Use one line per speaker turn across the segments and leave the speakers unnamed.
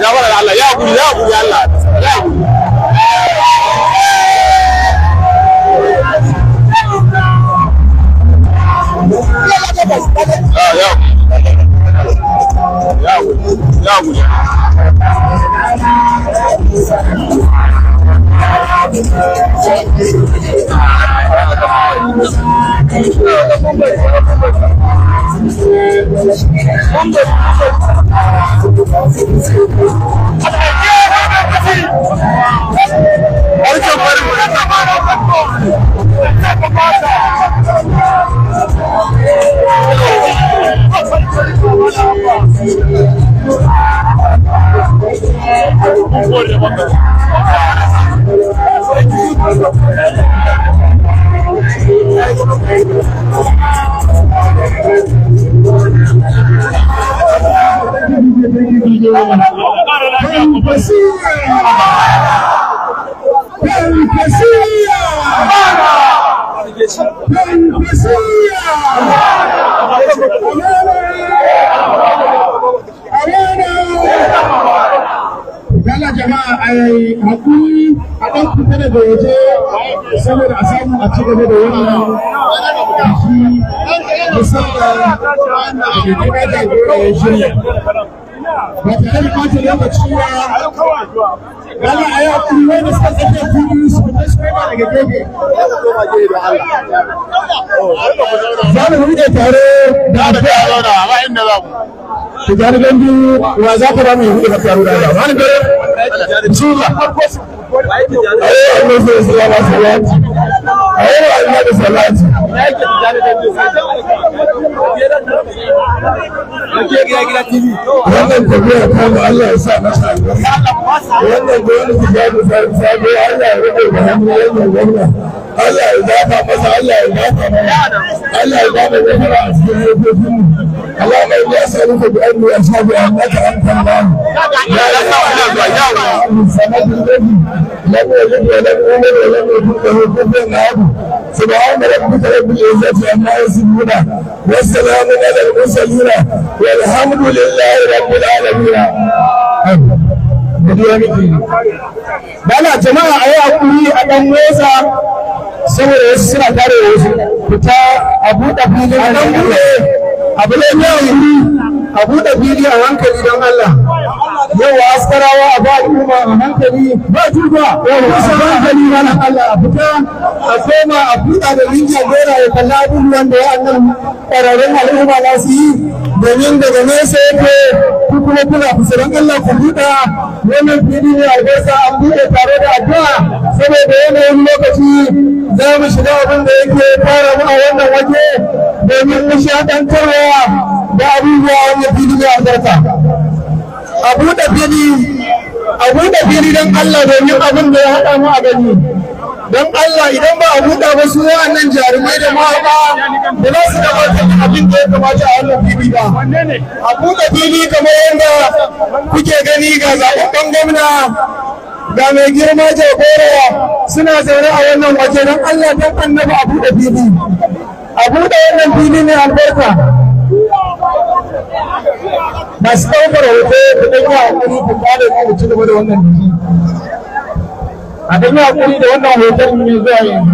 gafara Allah ya guri ya guri Allah
ya guri One Ingila, Campesia, Campesia, Campesia,
Dala jama'a a yi a ɗan fita da waje saboda a samu a ci gaba da wannan biki musamman wanda a da ya shirya. ba tare da ɓata lokaci ba wani a yau kuma wanda suka tsakiya kudu su fita su koma daga gefe za mu buɗe tare da addu'a zauna ba inda za mu tijjani gandu wa za ka ba mu buɗe ka da Allah wani gare bismillah ayyuhan nasu sallallahu alaihi wa sallam a yi salati
wannan tafiya ta ala ya sa mata albarka wani tijani sabuwa Allah ya rubuta hannun wannan gwamna Allah ya zafa masa Allah ya masa, Allah ya zafa gafara a cikin yankokin Allah mai ya sani ka bi annu ya shafi an naka an kalla ya ya sa wannan ba ya wa sanadin nabi lam yalid wa lam yulad wa lam yakul lahu kufuwan ahad سبحان ربك رب العزة عما يصفون والسلام على المرسلين والحمد لله رب العالمين.
Bala jama'a a yi haƙuri a ɗan nesa saboda wasu suna kare da wasu fita a buɗe fili a buɗe abu a buɗe fili a hankali don Allah nasarawa a ba al'umma a hankali ba turba kusa hankali mana Allah a fita a koma a fita da rinjin gora ya kalla abubuwan da wa'annan ƙwararrun al'umma za su yi domin daga nesa yake ku kuma kuna fusuran Allah ku buɗa wannan fili ne a an buɗe tare da addu'a saboda yanayin lokaci za mu shiga abin da yake fara mu a wannan waje domin nishaɗantarwa da abubuwa wannan fili ne a a buɗe fili
a buɗe fili don Allah domin abin da
ya haɗa mu a gani don Allah idan ba a buɗe ba su wa'annan jarumai da mawaƙa da za su gabata abin da ya kamata a wannan fili ba a buɗe fili kamar yadda kuke gani ga zaɓaɓɓen gwamna ga mai girma jagora suna zaune a wannan waje don Allah don annabi a buɗe fili a buɗe wannan fili ne albarka masu ɗaukar hoto ku ɗan yi haƙuri ku ƙare ku ci gaba da wannan biki
a ɗan yi haƙuri da wannan hoton zuwa yanzu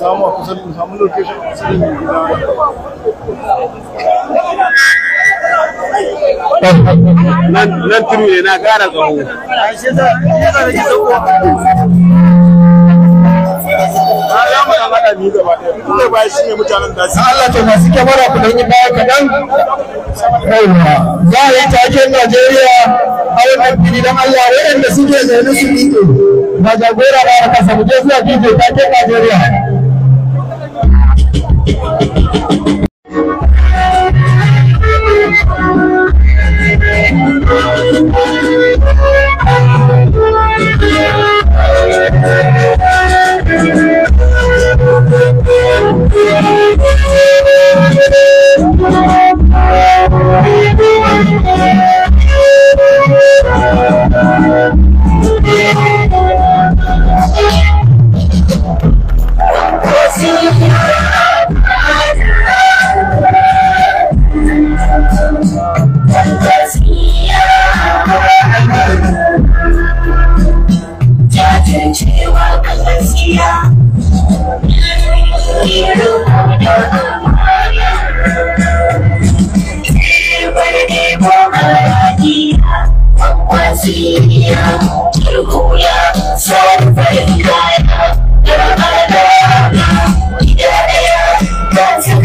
samu a kusa samu location a turu ne na gara
Allah
ta masu kyamara ku dan baya kaɗan. Yawwa za a yi taken Najeriya a wannan fili don Allah waɗanda suke zaune su miƙe. Ba jagora ba a kasa je zuwa bidiyo taken Najeriya.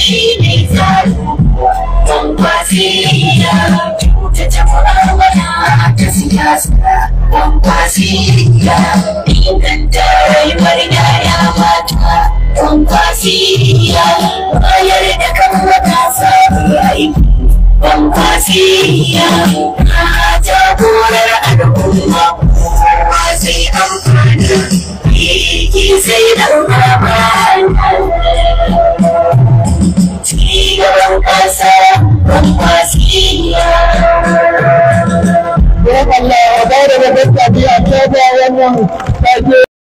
shi ne tsaro
tankwasiya ta jama'a A ta siyasa tankwasiya inganta rayuwar yaya mata tankwasiya bayar da kan matasa aiki tankwasiya a jagorar al'umma kowa sai amfana Ki sai dan Allah ya bada da gaskiya ta wannan